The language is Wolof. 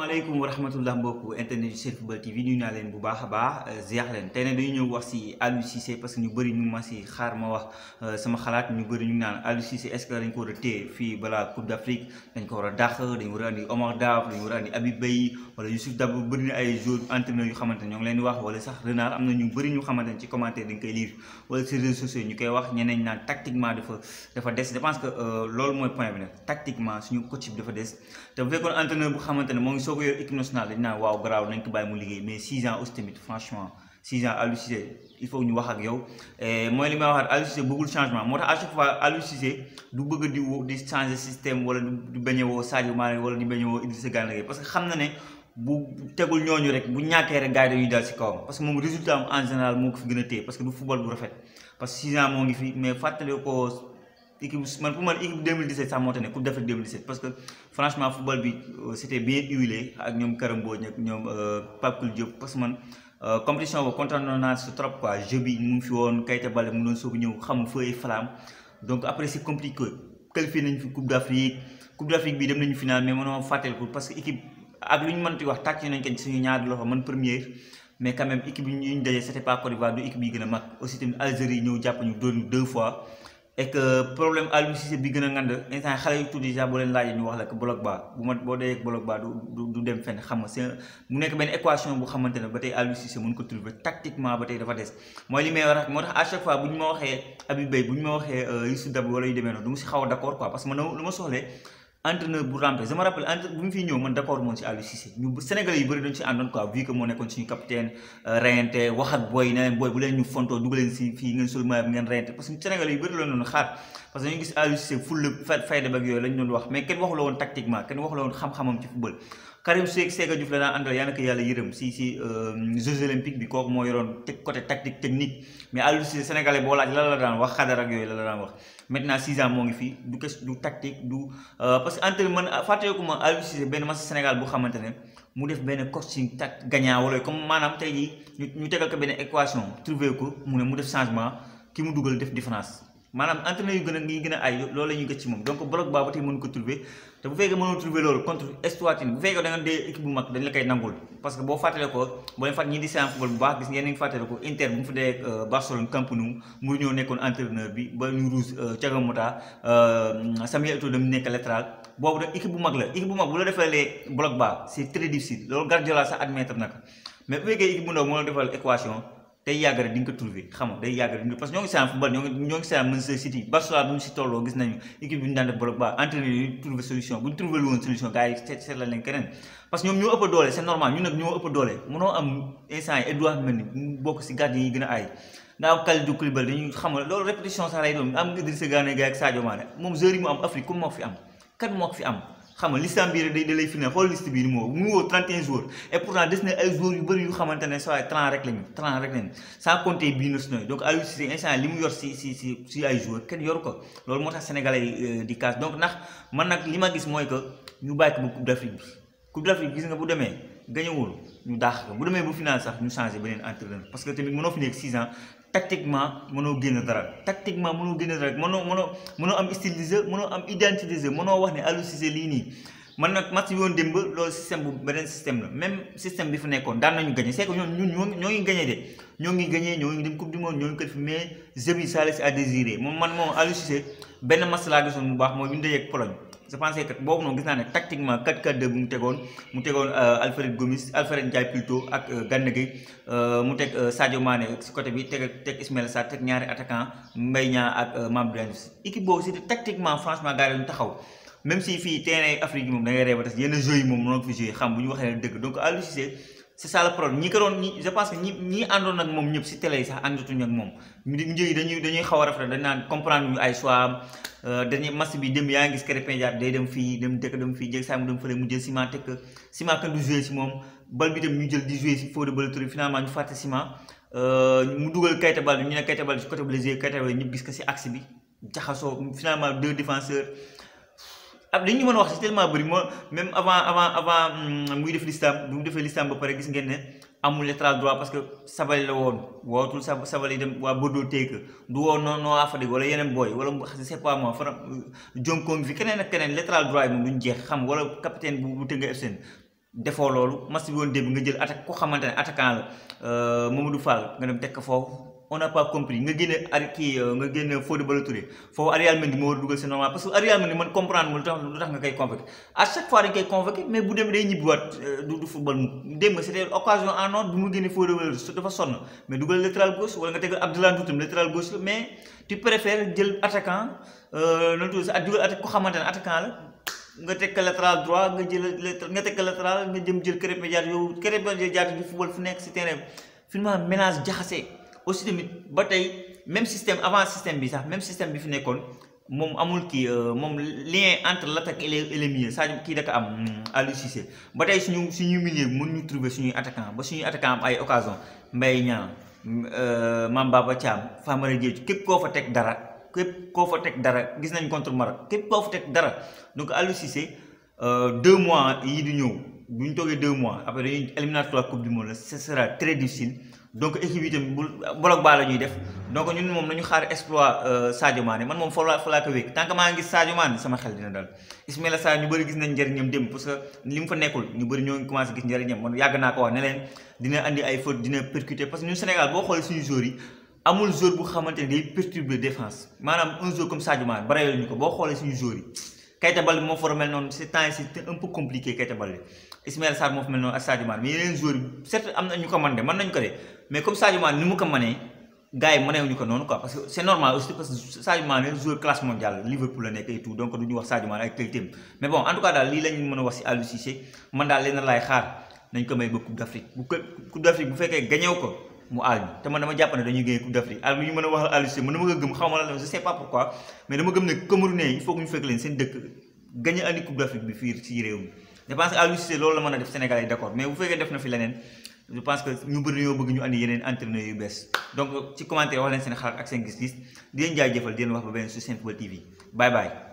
Assalamualaikum warahmatullahi wabarakatuh Internet Youssef Football TV ñu ñaan leen bu baax baax eh, ziar leen tay na dañu ñëw wax ci Alou Cissé parce que ñu bari ñu ma ci xaar ma wax eh, sama xalaat ñu bari ñu naan Alou Cissé est ce que dañ ko wara téé fi bala Coupe d'Afrique dañ ko wara dakh dañ wara andi Omar Daf dañ wara andi Habib Bey wala Youssouf Dabou bari na ay joueur entraîneur yu xamanteni ñu ngi leen wax wala sax Renard amna ñu bari ñu xamanteni ci commentaire dañ koy lire wala ci réseaux sociaux ñu koy wax ñeneen naan tactiquement dafa dafa dess je pense eh, que lool moy point bi nak tactiquement suñu coach dafa dess te bu fekkon entraîneur bu xamanteni mo ngi soo ko yor équipe nationale dañu naan waaw garaaw nañ ko bàyyi mu liggéey mais 6 ans aussi tamit franchement 6 ans alucisé il faut ñu wax ak yow eh, mooy li may waxaat alucisé bëggul changement moo tax à chaque fois alucisé du bëgg di di changer système wala du bañ a woo Sadio Mané wala di bañ a woo Idrissa gane parce que xam na ne bu tegul ñooñu rek bu ñàkkee rek gars yi dañuy dal si kawam parce que moom résultat am en général moo ko fi gën a téye parce que du football bu rafet parce que 6 ans moo ngi fi mais fàttali ko équipe man pour man équipe 2017 ça monte tax coupe d'Afrique 2017 parce que franchement football bi euh, c'était bien huilé ak ñom Karim Mbodj ak ñoom euh, Pape Koul Diop parce que man euh, compétition boobu kontaanoon naa si trop quoi jeu bi mu fi won kayta Baldé mu non soog ñëw xam feu et flamme donc après c'est compliqué qualifié nañ fi coupe d'Afrique coupe d'Afrique bi dem nañ final mais mëno fatel pour parce que équipe ak luñ mën ti wax tàcc nañ ko ci suñu ñaari loxo man première mais quand même équipe ñu dajé c'était pas Côte d'Ivoire du équipe yi gëna mak aussi tamit Algérie ñëw japp ñu deux fois est que problème alu si bi gëna ngand instant xalé yu tuddi ja bo len laaj ñu wax la ke bloc ba bu ma bo dey ak bloc ba du du dem fenn xam mu nek ben équation bu xamantene ba tay alu si se mën ko trouver tactiquement ba tay dafa dess moy limay wax motax à chaque fois buñ ma waxé abibey buñ ma waxé yusuf dab wala yu démé non du ma ci xaw d'accord quoi parce que man luma soxlé entraîneur bu rampé je me rappelle bu fi ñëw man d'accord mon ci Aliou Cissé ñu sénégal yi bëri doon ci andon quoi vu que mo nekkon suñu capitaine eh, rayanté wax ak boy né boy bu leen ñu fonto duggaleen ci fi ngeen sul maam ngeen rayanté parce que sénégal yi bëri la ñoon xaar parce que ñu gis Aliou Cissé full fayda bak yoy lañ ñoon wax mais kenn waxu la won tactiquement kenn waxu la won xam xamam ci football Karim Seck Séga Diouf la daan àndal yal na ko yàlla yërëm si si euh, Jeux olympiques bi kooku moo yoroon teg côté tactique technique mais Aliou Cissé boo laaj la la daan wax xadar yooyu la la daan wax maintenant 6 ans moo ngi fii du kes du tactique du euh, parce entre man fàtteeku ma Aliou Cissé benn match Sénégal bu xamante ne mu def benn coaching tak gagnant wala comme maanaam tey ñu ñu tegal ko benn équation trouver ko mu ne mu def changement ki mu dugal def différence maanaam te bu fekkee mënoo trouver loolu contre estuatine bu fekkee da nga dee équipe bu mag dañ la koy nangul parce que boo fàttale ko boo leen fàttali ñi di seen football bu baax gis ngeen ngi fàttali ko inter bu mu fi eh, Barcelone camp nu mu ñëw nekkoon entraîneur bi ba ñu ruus Thiago Mota eh, Samuel Eto'o dem nekk latéral boobu nag équipe bu mag la équipe bu mag bu la defalee bloc bas c' très difficile loolu Guardiola sax admettre na mais bu fekkee équipe bu ndaw moo la defal équation day yàgg rek di nga day yàgg rek parce que ñoo ngi seen football ñoo ñoo ngi seen Manchester City Barcelona bu ñu tolloo gis nañu équipe bi ñu daan def bloc bas entraîneur yi trouvé solution bu ñu trouvé lu woon solution gars yi seet seet la leen keneen parce que ñoom ñoo ëpp doole c'est normal ñun nag ñoo ëpp doole mënoo am instant yi Edouard Mendy mu bokk si gardien yi gën a aay nga am Kalidou Koulibaly dañuy xam loolu répétition sax lay doon nga am am xam nga liste am bii day lay finir xool liste bii moo mu woo 31 jours et pourtant des na ay jours yu bëri yu xamante ne saa waay 30 rek lañu 30 rek lañu sans compter bi nas noy donc Aliou Cissé instant li mu yor si si si si ay jours kenn yoru ko loolu moo tax sénégalais yi euh, di kaas donc ndax man nag li ma gis mooy que ñu bàyyi ko ba coupe d'Afrique bi coupe d'Afrique gis nga bu demee gañewul ñu daax ko bu demee bu final sax ñu changé beneen entraîneur parce que tamit mënoo fi nekk 6 ans tactiquement mënoo génn dara tactiquement mënoo génn dara mënoo mënoo mënoo am stylisé mënoo am identisé mënoo wax ne Aliou Cissé lii nii man nag match yoon démb loolu système bu beneen système la même système bi fa nekkoon daan nañu gagné c'est que ñoom ñoo ngi gagné de ñoo ngi gagné ñoo ngi dem coupe du monde ñoo ngi ko mais jeu bi ça laisse à désirer je pensais que boobu noonu gis naa ne tactiquement 4-4-2 bu mu tegoon mu tegoon euh, Alfred Gomis Alfred Ndiaye plutôt ak euh, Gana Gueye euh, mu teg Sadio Mané si côté bi teg teg Ismaïla Sarr teg ñaari attaquant Mbaye Niang ak Mame Abdoulaye Diouf équipe boobu c'était tactiquement franchement gars yi ñu taxaw même si fii terrain Afrique yi moom da ngay ree tas yenn jeux moom noonu fi joué xam bu ñu waxee ne dëgg donc Aliou c'est ça le problème ñi ko doon ñi je pense que ñi ñi àndoon ak moom ñëpp si télé yi sax àndatuñu ak moom njëgi dañuy dañuy xaw a rafet dañ naan comprendre ñu ay choix euh, dañuy match bi dem yaa ngi gis Krépin Diatta day dem fii dem dëkk dem fii jég saa mu dem fële mu jël Cima teg Cima kan du joué si moom bal bi tam ñu jël di joué si Fodé Ballo-Touré finalement ñu fàtte Cima euh, mu dugal Keita Baldé ñu ne Keita Baldé si côté ñëpp gis ko si axe bi jaxasoo finalement deux défenseurs ab li ñu mën wax ci tellement bari moo même avant avant avant mm, muy def l'islam bi mu defee l'islam ba pare gis ngeen ne amul lettral droit parce que sabali la woon wootul sa sabali dem waa bëddoo téeka du woon non non afa wala yeneen boy wala je sais pas moi fa jonkoom fi keneen ak keneen lettral droit yi moom duñ jeex xam wala capitaine bu bu tëgg FCN defoo loolu masi bi woon démb nga jël attaque ko xamante attaquant la eh, Momadou Fall nga dem teg ko on n'a pas compris nga génne ar kii euh, nga génne Fodé Ballo-Touré foofu Arial Mendy a tax nga koy convoqué mais bu demee day ñibbiwaat euh, du du football dem dafa sonn mais dugal latéral gauche wala nga tegal Abdoulaye Ndour tam latéral mais tu préfères jël attaquant euh, na tudd sa dugal attaquant la nga jël nga teg ko latéral nga jëm jël Krépin Diatta yow Krépin Diatta di football fu nekk si terrain finalement ménage jaxase. aussi de bataille même système avant système bi sax même système bi fi nekkoon mom amul ki euh, mom lien entre l'attaque et le milieu ki da daka am hmm, Aliou Cissé ba suñu suñu milieu mën ñu trouver suñu attaquant ba suñu attaquant am ay occasion Mbaye euh Mame Baba cham Famara Diédhiou képp koo fa tek dara kep ko fa tek dara gis nañ contre Maroc kep ko fa tek dara donc Aliou Cissé euh, deux mois yi di ñew bu ñu toogee deux mois après dañuy éliminatoire coupe du monde la ce sera très difficile donc équipe yi bu bloc baa la ñuy def donc ñun moom nañu xaar exploit euh, Sadio Mané man moom fa laa ko wékk tant que maa ngi gis Sadio Mané sama xel dina dal Ismaïla Sarr ñu bëri gis nañ njëriñam dem parce que li mu fa nekkul ñu bëri ñoo ngi commencé gis njëriñam man yàgg naa ko wax ne leen dina andi ay faute dina percuter parce que ñun Sénégal boo xoolee suñu joueurs yi amul joueur bu xamante ne day perturber défense maanaam un joueur comme Sadio Mané bare ñu ko boo xoolee suñu joueurs yi Kayta Baldé moo fa mel noonu ces temps yi c'est un peu compliqué Keita Baldé Ismaël Sarr moo fa mel noonu ak Sadio Mané mais yeneen joueurs yi certes am na ñu ko man de mën nañu ko de mais comme Sadio Mané ni mu ko mënee gars yi mënewuñu ko noonu quoi parce que c'est normal aussi parce que Sadio Mané joueur classe mondiale Liverpool la nekk et tout donc du ñu wax Sadio Mané ay qualité mais bon en tout cas daal lii lañ mën a wax si Aliou Cissé man daal leen laay xaar nañ ko may ba Coupe d'Afrique bu Coupe d'Afrique bu fekkee gañew ko mu aal ñu te man dama jàpp dañuy gagné coupe d'Afrique ak lu ñu mën a wax Aliou Cissé man dama ko gëm xaw ma la je sais pas pourquoi mais dama gëm ne Camerounais il faut que ñu fekk leen seen dëkk gagné andi coupe d'Afrique bi fii ci réew mi je pense que Aliou Cissé loolu la mën a def Sénégal yi d'accord mais bu fekkee def na fi leneen je pense que ñu bëri ñoo bëgg ñu andi yeneen entraîneurs yu bees donc ci commentaire wax leen seen xalaat ak seen gis-gis di leen jaajëfal di leen wax ba